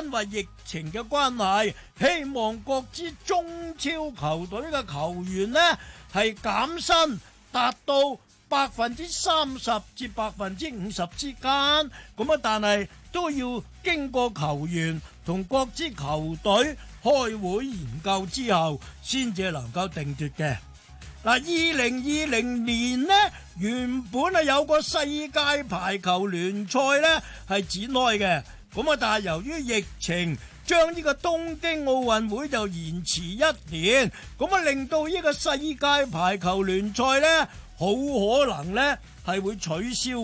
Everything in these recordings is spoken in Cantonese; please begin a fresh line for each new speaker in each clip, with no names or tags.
因為疫情嘅關係，希望各支中超球隊嘅球員呢係減薪，達到百分之三十至百分之五十之間。咁啊，但係都要經過球員同各支球隊開會研究之後，先至能夠定奪嘅。嗱，二零二零年呢，原本係有個世界排球聯賽呢係展開嘅。咁啊！但係由於疫情，將呢個東京奧運會就延遲一年，咁啊令到呢個世界排球聯賽咧，好可能咧係會取消。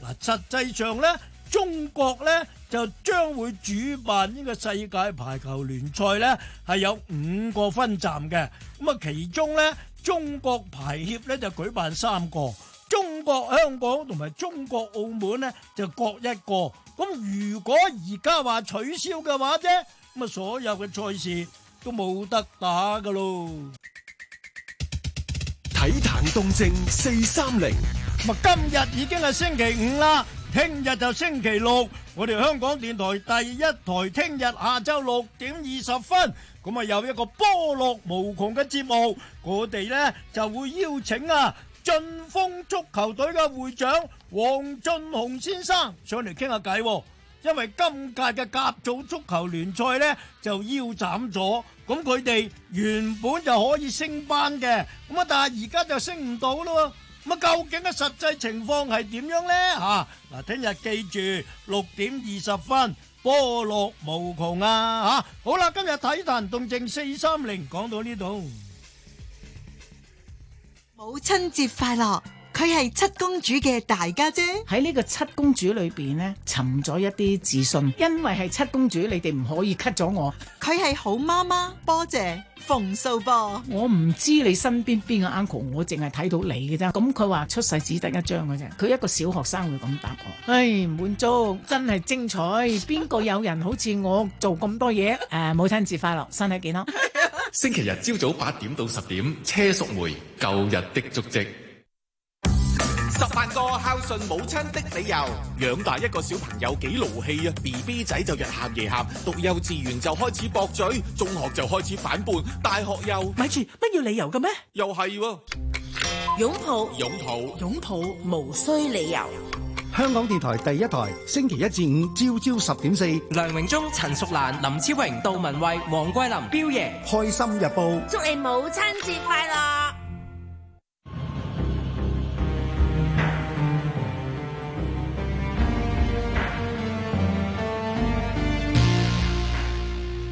嗱，實際上咧，中國咧就將會主辦呢個世界排球聯賽咧，係有五個分站嘅。咁啊，其中咧，中國排協咧就舉辦三個。中國香港同埋中國澳門呢，就各一個，咁如果而家話取消嘅話啫，咁啊所有嘅賽事都冇得打噶咯。體壇動靜四三零，咁今日已經係星期五啦，聽日就星期六，我哋香港電台第一台聽日下晝六點二十分，咁啊有一個波落無窮嘅節目，我哋呢就會邀請啊。駿豐足球隊嘅會長王俊雄先生上嚟傾下偈，因為今屆嘅甲組足球聯賽呢就腰斬咗，咁佢哋原本就可以升班嘅，咁啊但係而家就升唔到咯，咁啊究竟嘅實際情況係點樣呢？吓嗱，聽日記住六點二十分，波落無窮啊！吓，好啦，今日體壇動靜四三零講到呢度。母親節快樂。佢係七公主嘅大家姐，喺呢個七公主裏邊呢，尋咗一啲自信，因為係七公主，你哋唔可以 cut 咗我。佢係好媽媽，波姐馮素波，我唔知你身邊邊個 uncle，我淨係睇到你嘅啫。咁佢話出世只得一張嘅啫，佢一個小學生會咁答我。唉，滿足真係精彩，邊個有人好似我做咁多嘢？誒，母親節快樂，身體健康。星期日朝早八
點到十點，車淑梅，舊日的足跡。扮個孝順母親的理由，養大一個小朋友幾勞氣啊！B B 仔就日
喊夜喊，讀幼稚園就開始駁嘴，中學就開始反叛，大學又……咪住，不要理由嘅咩？又係喎，擁抱，擁抱，擁抱，抱，無需理由。香港電台第一台，星期一至五朝朝十點四。梁榮忠、陳淑蘭、林超榮、杜文慧、黃桂林、標爺，開心日報，祝你母
親節快樂。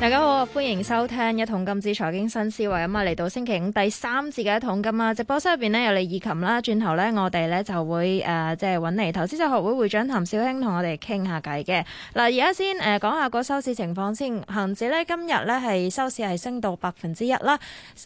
大家好，歡迎收聽《一桶金之財經新思維》啊！嘛嚟到星期五第三節嘅一桶金啊！直播室入邊咧有李以琴啦，轉頭呢，我哋呢就會誒、呃、即係揾嚟投資者學會會長譚紹興同我哋傾下偈嘅。嗱，而家先誒、呃、講下個收市情況先。恒指呢，今日呢係收市係升到百分之一啦，誒、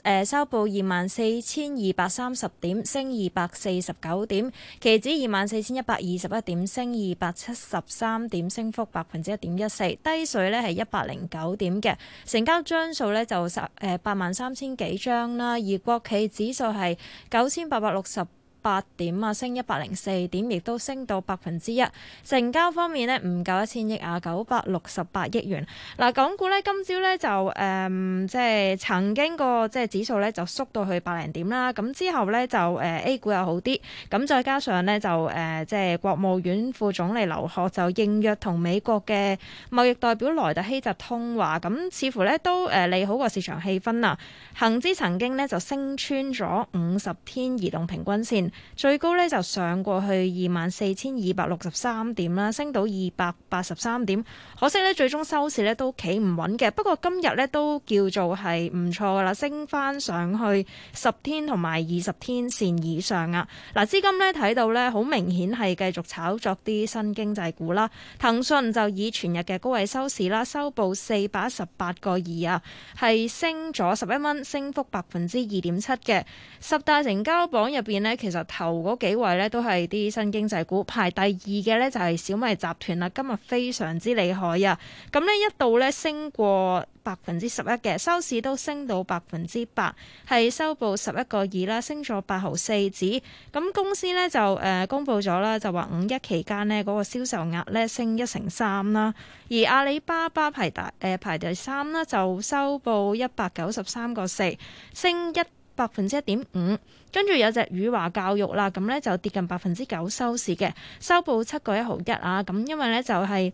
呃、收報二萬四千二百三十點，升二百四十九點。期指二萬四千一百二十一點，升二百七十三點，升幅百分之一點一四。低水呢係一百零九點。嘅成交張數咧就十誒八萬三千幾張啦，而國企指數係九千八百六十八點啊，升一百零四點，亦都升到百分之一。成交方面呢，唔夠一千億啊，九百六十八億元。嗱、啊，港股呢，今朝呢就誒，即、嗯、係、就是、曾經個即係指數呢就縮到去百零點啦。咁之後呢，就誒、呃、A 股又好啲，咁再加上呢，就誒即係國務院副總理劉鶴就應約同美國嘅貿易代表萊特希澤通話，咁似乎呢都誒、呃、利好個市場氣氛啊。恆指曾經呢就升穿咗五十天移動平均線。最高呢就上過去二萬四千二百六十三點啦，升到二百八十三點。可惜呢最終收市呢都企唔穩嘅。不過今日呢都叫做係唔錯噶啦，升翻上去十天同埋二十天線以上啊！嗱、啊，資金呢睇到呢好明顯係繼續炒作啲新經濟股啦。騰訊就以全日嘅高位收市啦，收報四百一十八個二啊，係升咗十一蚊，升幅百分之二點七嘅。十大成交榜入邊呢其實頭嗰幾位咧都係啲新經濟股，排第二嘅咧就係小米集團啦，今日非常之厲害啊！咁呢一度咧升過百分之十一嘅，收市都升到百分之八，係收報十一個二啦，升咗八毫四止。咁公司呢就誒、呃、公布咗啦，就話五一期間呢嗰個銷售額咧升一成三啦。而阿里巴巴排第誒、呃、排第三啦，就收報一百九十三個四，升一。百分之一點五，跟住有隻宇華教育啦，咁咧就跌近百分之九收市嘅，收報七個一毫一啊，咁因為咧就係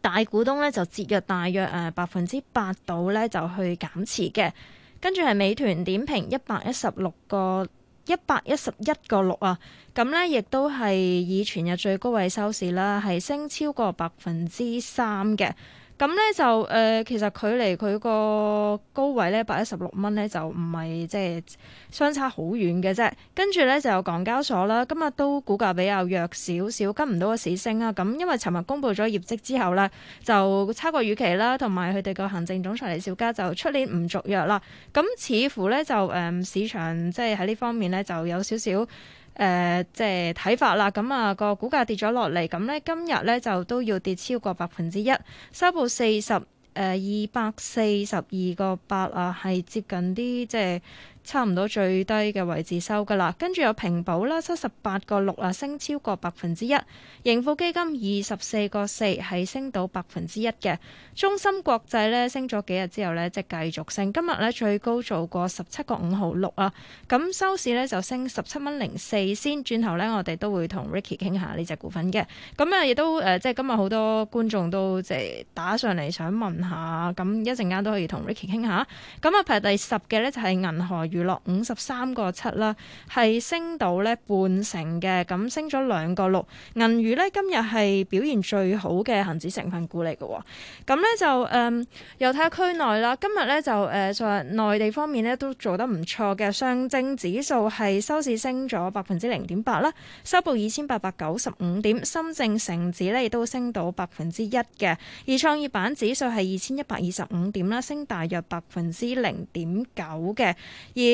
大股東咧就節約大約誒百分之八度咧就去減持嘅，跟住係美團點評一百一十六個一百一十一個六啊，咁咧亦都係以全日最高位收市啦，係升超過百分之三嘅。咁咧就誒、呃，其實距離佢個高位咧一百一十六蚊咧，就唔係即係相差好遠嘅啫。跟住咧就有港交所啦，今日都股價比較弱少少，跟唔到個市升啊。咁因為尋日公布咗業績之後咧，就差過預期啦，同埋佢哋個行政總裁李小加就出年唔續約啦。咁似乎咧就誒、嗯、市場即係喺呢方面咧就有少少。誒、呃、即係睇法啦，咁啊個股價跌咗落嚟，咁呢，今日呢，就都要跌超過百分之一，收報四十誒二百四十二個八啊，係接近啲即係，差唔多最低嘅位置收噶啦，跟住有平保啦，七十八個六啊，升超過百分之一；盈富基金二十四個四係升到百分之一嘅。中芯國際咧升咗幾日之後咧，即係繼續升。今日咧最高做過十七個五毫六啊，咁收市咧就升十七蚊零四先。轉頭咧，我哋都會同 Ricky 傾下呢隻股份嘅。咁啊，亦都誒即係今日好多觀眾都即係打上嚟想問下，咁一陣間都可以同 Ricky 傾下。咁啊，排第十嘅咧就係、是、銀河。娛樂五十三個七啦，係升到咧半成嘅，咁升咗兩個六。銀娛呢今日係表現最好嘅恒指成分股嚟嘅，咁呢就誒又睇下區內啦。今日呢，就誒內、呃呃、地方面咧都做得唔錯嘅，上證指數係收市升咗百分之零點八啦，收報二千八百九十五點。深證成指呢亦都升到百分之一嘅，而創業板指數係二千一百二十五點啦，升大約百分之零點九嘅。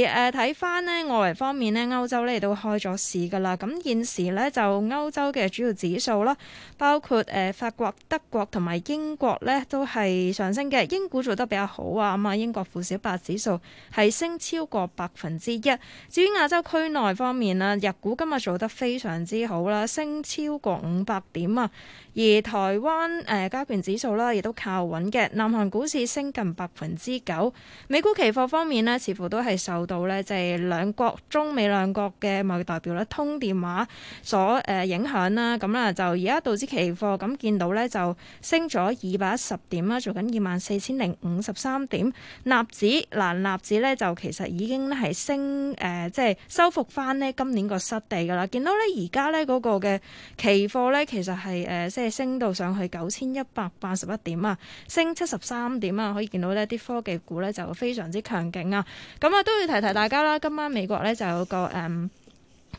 而誒，睇翻呢，外圍方面呢，歐洲呢都開咗市噶啦。咁現時呢，就歐洲嘅主要指數啦，包括誒、呃、法國、德國同埋英國呢，都係上升嘅。英股做得比較好啊，咁、嗯、啊英國富時100指數係升超過百分之一。至於亞洲區內方面啊，日股今日做得非常之好啦，升超過五百點啊。而台灣誒、呃、加權指數啦，亦都靠穩嘅。南韓股市升近百分之九。美股期貨方面呢，似乎都係受到呢，就係、是、兩國中美兩國嘅貿易代表咧通電話所誒、呃、影響啦。咁啦，就而家導致期貨咁見到呢，就升咗二百一十點啦，做緊二萬四千零五十三點。納指嗱，納指呢就其實已經咧係升誒、呃，即係收復翻呢今年個失地㗎啦。見到呢而家呢嗰個嘅期貨呢，其實係誒即係。呃升到上去九千一百八十一點啊，升七十三點啊，可以見到呢啲科技股呢就非常之強勁啊！咁啊，都要提提大家啦，今晚美國呢就有個嗯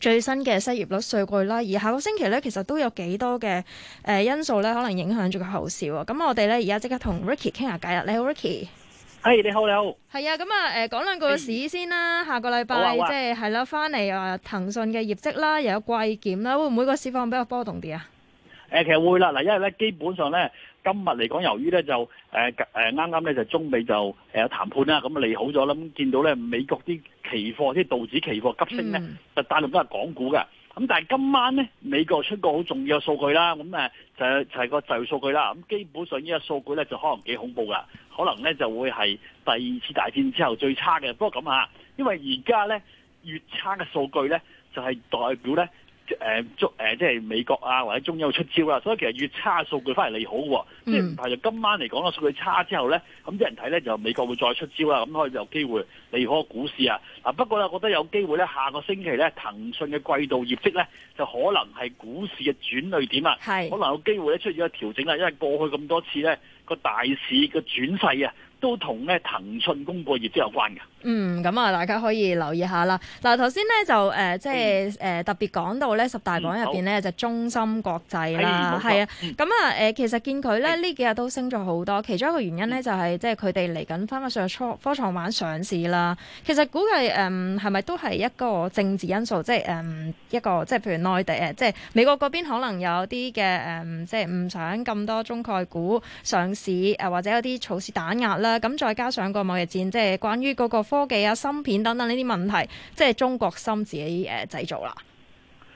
最新嘅失業率數據啦，而下個星期呢其實都有幾多嘅誒、呃、因素呢可能影響住個後市啊。咁我哋呢而家即刻同 Ricky 傾下偈啦。你好，Ricky。係、hey, 你好，你好。係啊，咁啊，誒，講兩個市先啦。Hey. 下個禮拜即係係啦，翻嚟啊，騰訊嘅業績啦，又有季檢啦，會唔會個市況比較波動啲啊？
誒其實會啦，嗱，因為咧基本上咧，今日嚟講，由於咧就誒誒啱啱咧就中美就誒、呃、談判啦，咁啊利好咗啦，咁見到咧美國啲期貨，啲道指期貨急升咧，就大陸都係港股嘅。咁但係今晚咧，美國出個好重要嘅數據啦，咁、嗯、誒就係就係、是、個就業數據啦。咁基本上呢個數據咧就可能幾恐怖噶，可能咧就會係第二次大戰之後最差嘅。不過咁啊，因為而家咧越差嘅數據咧就係、是、代表咧。誒中誒即係美國啊，或者中央出招啦、啊，所以其實越差數據翻嚟利好喎、啊，即係唔係就今晚嚟講啦，數據差之後咧，咁啲人睇咧就美國就會再出招啦，咁可以有機會利好個股市啊。嗱不過咧，我覺得有機會咧，下個星期咧騰訊嘅季度業績咧，就可能係股市嘅轉捩點啊，是可能有機會咧出現個調整啊，因為過去咁多次咧個大市嘅轉勢啊。都同咧騰訊公佈業
績有關嘅。嗯，咁啊，大家可以留意下啦。嗱，頭先咧就誒，即係誒特別講到咧十大榜入邊咧就中芯國際啦，係、嗯、啊。咁啊誒，嗯、其實見佢咧呢幾日都升咗好多，其中一個原因咧就係即係佢哋嚟緊翻翻上初科創板上市啦。其實估計誒，係、嗯、咪都係一個政治因素，即係誒、嗯、一個即係譬如內地誒，即係美國嗰邊可能有啲嘅誒，即係唔想咁多中概股上市誒，或者有啲措施打壓啦。咁再加上個貿易戰，即係關於嗰個科技啊、芯片等等呢啲問題，即係中國芯自己誒製、呃、造啦。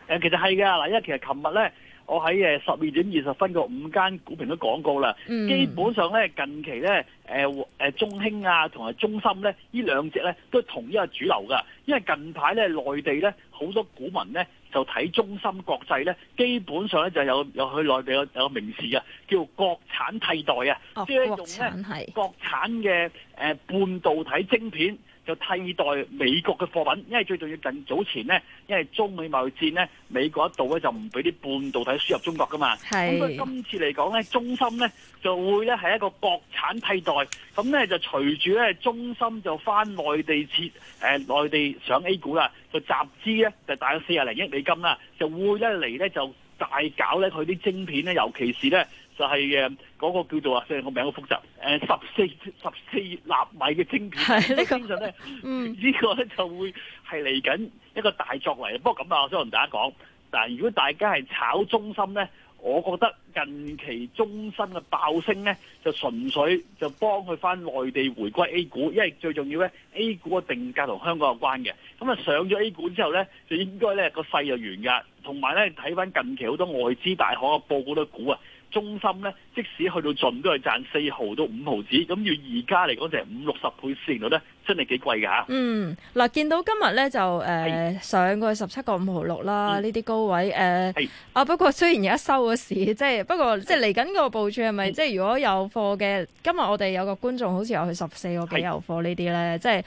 誒，其實係噶嗱，因為其實琴日咧，我喺誒十二點二十分個五間股評都講過啦。基本上咧，近期咧，誒、呃、誒中興啊同埋中芯咧，兩呢兩隻咧都係同一個主流噶。因為近排咧，內地咧好多股民咧。就睇中芯國際咧，基本上咧就有有去內地有有個名詞啊，叫國產替代啊，即係一種咧國產嘅誒半導體晶片，就替代美國嘅貨品，因為最重要近早前呢，因為中美貿易戰呢，美國一度呢就唔俾啲半導體輸入中國噶嘛，咁佢是今次嚟講呢，中芯呢就會呢係一個國產替代，咁、嗯、呢就隨住呢中芯就翻內地設誒、呃、內地上 A 股啦，就集資呢就大約四廿零億美金啦，就會一嚟呢，呢就大搞呢佢啲晶片呢，尤其是呢。就係、是、嘅，嗰、那個叫做啊，即係個名好複雜誒十四十四納米嘅晶片，呢、 這個
咧，呢、嗯、個
咧就會係嚟緊一個大作嚟。不過咁啊，我想同大家講，嗱，如果大家係炒中芯咧，我覺得近期中芯嘅爆升咧，就純粹就幫佢翻內地回歸 A 股，因為最重要咧 A 股嘅定價同香港有關嘅。咁啊，上咗 A 股之後咧，就應該咧個勢就完㗎。同埋咧，睇翻近期好多外資大行嘅報告都估啊。中心咧，即使去到盡都係賺四毫到五毫紙，咁要而家嚟講成五六十倍市盈率咧，真係幾貴㗎、啊。嗯，
嗱，見到今日咧就誒、呃、是上過去十七個五毫六啦，呢啲、嗯、高位誒。呃、是啊，不過雖然而家收個市，即係不過是即係嚟緊個部署是是，係咪、嗯？即係如果有貨嘅，今日我哋有個觀眾好似有去十四個幾個有貨是呢啲咧，即係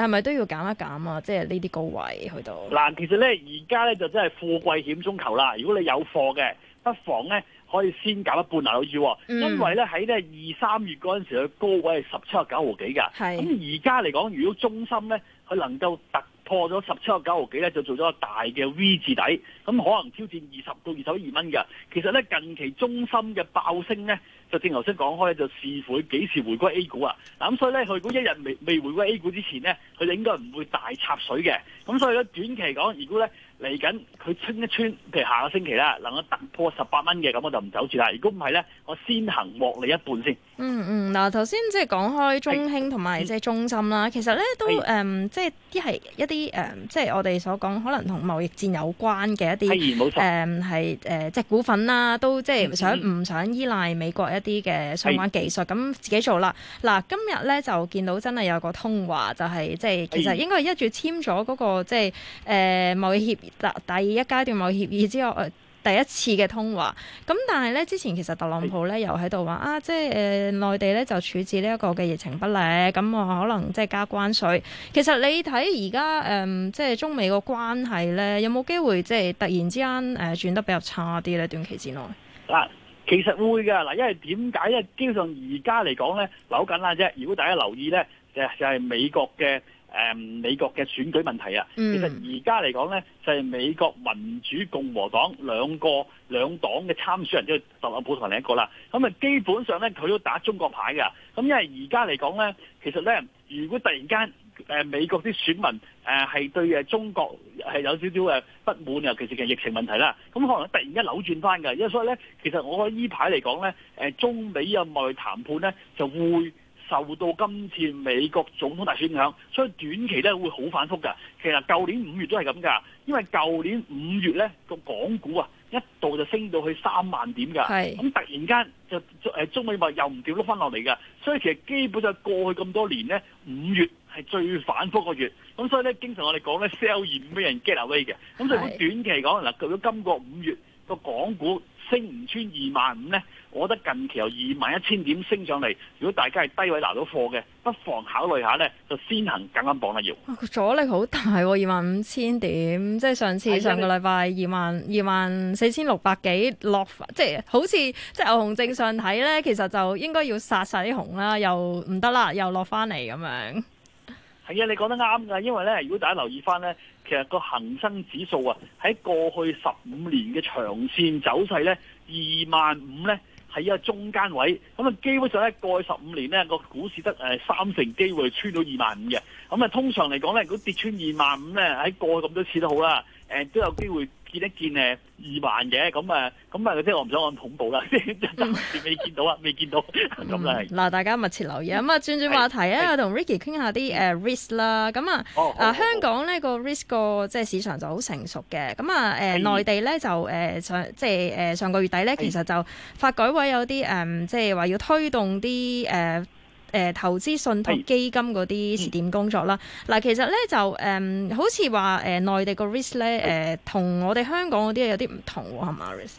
誒係咪都要減一減啊？即係呢啲高位去到。
嗱、啊，其實咧而家咧就真係富貴險中求啦。如果你有貨嘅，不妨咧。可以先減一半啊，左右、嗯，因為咧喺咧二三月嗰陣時，佢高位係十七個九毫幾㗎。咁而家嚟講，如果中芯咧，佢能夠突破咗十七個九毫幾咧，就做咗個大嘅 V 字底，咁可能挑戰二十到二十一二蚊㗎。其實咧，近期中芯嘅爆升咧。就正頭先講開就視乎佢幾時回歸 A 股啊！嗱咁，所以咧佢如果一日未未回歸 A 股之前呢，佢哋應該唔會大插水嘅。咁所以咧短期講，如果咧嚟緊佢清一穿，譬如下個星期啦，能夠突破十八蚊嘅，咁我就唔走住啦。如果唔係咧，我先行獲利一半先。
嗯嗯，嗱頭先即係講開中興同埋即係中芯啦，嗯、其實咧都誒是、嗯，即係啲係一啲誒、嗯，即係我哋所講可能同貿易戰有關嘅一啲誒，係誒、嗯、即係股份啦、啊，都即係想唔想依賴美國一啲嘅相關技術，咁的自己做啦。嗱，今日咧就見到真係有個通話，就係、是、即係其實應該係一月簽咗嗰個即係誒貿易協議第第一階段貿易協議之後、呃、第一次嘅通話。咁但係咧之前其實特朗普咧又喺度話啊，即係誒內地咧就處置呢一個嘅疫情不利，咁我可能即係加關稅。其實你睇而家誒即係中美個關係咧，有冇機會即係突然之間誒轉得比較差啲咧？短期之內，
嗱、啊。其實會㗎嗱，因為點解？因為基本上而家嚟講咧，扭緊啦啫。如果大家留意咧，就就係美國嘅誒美國嘅選舉問題啊。其實而家嚟講咧，就係美國民主共和黨兩個兩黨嘅參選人，即係特朗普同另一個啦。咁啊，基本上咧，佢都打中國牌㗎。咁因為而家嚟講咧，其實咧，如果突然間，誒美國啲選民誒係、呃、對誒中國係有少少誒不滿，尤其是嘅疫情問題啦。咁可能突然間扭轉翻嘅，因為所以咧，其實我覺得依排嚟講咧，誒、呃、中美貿易談判咧，就會受到今次美國總統大選影響，所以短期咧會好反覆嘅。其實舊年五月都係咁噶，因為舊年五月咧個港股啊一度就升到去三萬點㗎，咁是、嗯、突然間就誒、呃、中美貿又唔調碌翻落嚟嘅，所以其實基本上過去咁多年咧五月。係最反覆個月，咁所以咧，經常我哋講咧 sell 而唔俾人 get away 嘅。咁所以短期嚟講，嗱，到咗今個五月個港股升唔穿二萬五咧，我覺得近期由二萬一千點升上嚟，如果大家係低位拿到貨嘅，不妨考慮下咧，就先行緊緊磅一要、
啊。阻力好大喎、啊，二萬五千點，即係上次上個禮拜二萬二萬四千六百幾落，即係好似即係牛熊正常睇咧，其實就應該要殺晒啲熊啦，又唔得啦，又落翻嚟咁樣。係
啊，你講得啱㗎，因為咧，如果大家留意返咧，其實個恒生指數啊，喺過去十五年嘅長線走勢咧，二萬五咧係一個中間位，咁啊基本上咧，過去十五年咧個股市得誒、呃、三成機會穿到二萬五嘅，咁啊通常嚟講咧，如果跌穿二萬五咧，喺過去咁多次都好啦，誒、呃、都有機會。見一見誒二萬嘅，咁誒，咁誒即係我唔想咁恐怖啦，暫時未見到啊，未 見到咁啦。
嗱、 嗯，大家密切留意。咁啊，轉轉話題啊，同 Ricky 傾下啲誒 risk 啦。咁啊，啊香港咧、個 risk 個即係市場就好成熟嘅。咁啊誒內地咧就誒、呃、上即係誒上個月底咧，其實就發改委有啲誒、嗯，即係話要推動啲誒。嗯誒、呃、投資信託基金嗰啲試點工作啦，嗱、嗯、其實咧就誒、嗯、好似話誒內地個 risk 咧誒同我哋香港嗰啲有啲唔同係咪？risk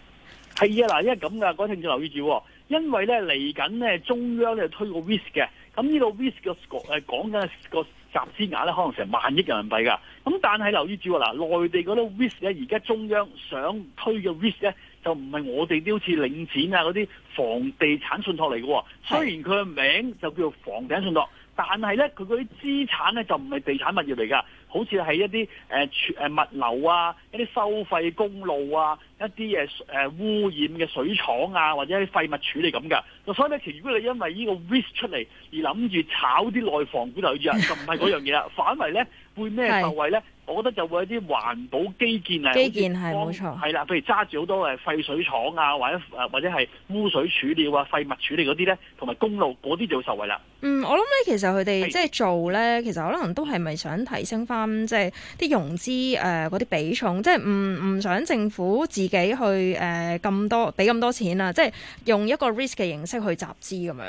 係啊，嗱因為咁㗎，嗰陣要留意住，因為咧嚟緊咧中央咧推 risk risk、呃、個 risk 嘅，咁呢個 risk 個誒講緊個集資額咧可能成萬億人民幣㗎，咁但係留意住喎，嗱、呃、內地嗰啲 risk 咧而家中央想推嘅 risk 咧。 就唔係我哋啲好似領展啊嗰啲房地產信託嚟嘅、哦，雖然佢嘅名就叫做房地產信託，但係咧佢嗰啲資產咧就唔係地產物業嚟㗎，好似係一啲誒誒物流啊、一啲收費公路啊、一啲誒誒污染嘅水廠啊，或者一啲廢物處理咁㗎。所以咧，其實如果你因為呢個 risk 出嚟而諗住炒啲內房股就弱，就唔係嗰樣嘢啦。 反為咧
會咩受惠
咧？ 我覺得就會有啲環保基建啊，基建係冇錯，係啦，譬如揸住好多誒廢水廠啊，或者誒或者係污水處理啊、廢物處理嗰啲咧，同埋公路嗰啲就會受惠啦。嗯，
我諗咧，其實佢哋即係做咧，是其實可能都係咪想提升翻即係啲融資誒嗰啲比重，即係唔唔想政府自己去誒咁多俾咁多錢啊，即係用一個 risk 嘅形式去集資咁樣。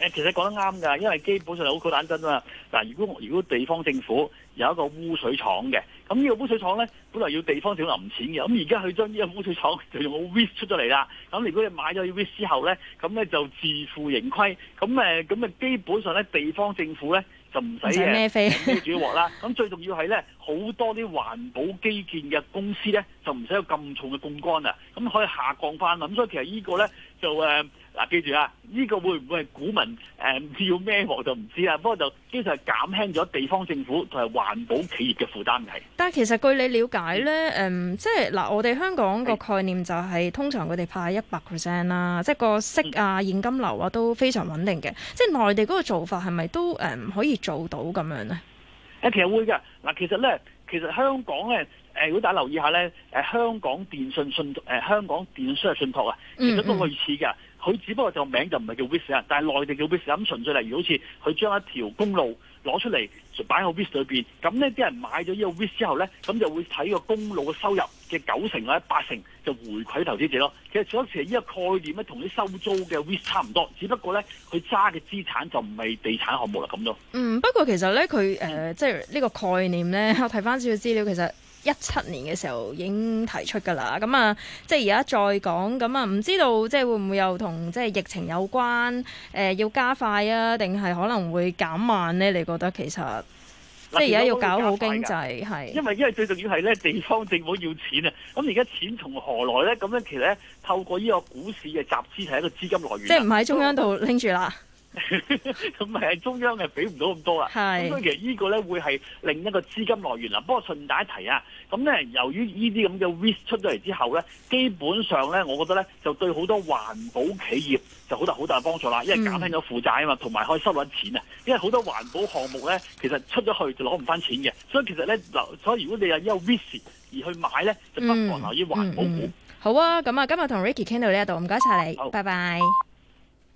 誒，其實講得啱㗎，因為基本上好簡單啊。嗱，如果如果地方政府有一個污水廠嘅，咁呢個污水廠咧，本來要地方小林錢嘅，咁而家佢將呢個污水廠就用個 wish 出咗嚟啦。咁如果你買咗要 wish 之後咧，咁咧就自負盈虧。咁誒，咁誒基本上咧，地方政府咧就唔使嘅。使咩費？孭住鑊啦。咁最重要係咧。好多啲環保基建嘅公司呢，就唔使有咁重嘅槓桿啦，咁可以下降翻啦。咁所以其實呢個呢，就誒，嗱、呃、記住啊，呢、這個會唔會股民唔、呃、知要咩我就唔知啦。不過就基本上減輕咗地方政府同埋環保企業嘅負擔係。
但係其實據你了解呢，誒、嗯嗯、即係嗱，我哋香港個概念就係、是、是通常佢哋派一百 percent 啦，即係個息啊、嗯、現金流啊都非常穩定嘅。即係內地嗰個做法係咪都誒、嗯、可以做到咁樣呢？
誒，其實會噶，嗱，其實咧，其實香港咧，誒，如果大家留意下咧，誒，香港電信信誒，香港電信信託啊，其實都類似噶，佢只不過名就名就唔係叫 Visa，但係內地叫 Visa，咁純粹例如好似佢將一條公路。攞出嚟，擺喺個 whisk 裏邊，咁呢啲人買咗呢個 whisk 之後咧，咁就會睇個公路嘅收入嘅九成或者八成就回饋投資者咯。其實嗰時呢個概念咧，同你收租嘅 whisk 差唔多，只不過咧佢揸嘅資產就唔係地產項目啦，咁咯。嗯，
不過其實咧，佢誒、呃、即係呢個概念咧，我睇翻少少資料，其實，一七年嘅時候已經提出㗎啦，咁啊，即係而家再講，咁啊，唔知道即係會唔會又同即係疫情有關？誒，要加快啊，定係可能會減慢呢？你覺得其實即係而家要搞好經濟，係因
為因為最重要係咧，地方政府要錢啊，咁而家錢從何來呢？咁樣其實透過呢個股市嘅集資係一個資金來源，即係唔喺
中央度拎住啦。
咁咪係中央係俾唔到咁多啦，咁是其實個呢個咧會係另一個資金來源啦。不過順帶一提啊，咁、嗯、咧由於呢啲咁嘅 w i s h 出咗嚟之後咧，基本上咧我覺得咧就對好多環保企業就好大好大幫助啦，因為減輕咗負債啊嘛，同埋可以收搵錢啊。因為好多環保項目咧，其實出咗去就攞唔翻錢嘅，所以其實咧嗱，所以如果你有呢個 w i s h 而去買咧，就不妨留於環保股，嗯嗯嗯。
好啊，咁啊，今日同 Ricky 傾到呢一度，唔該晒你，拜拜好。Bye bye bye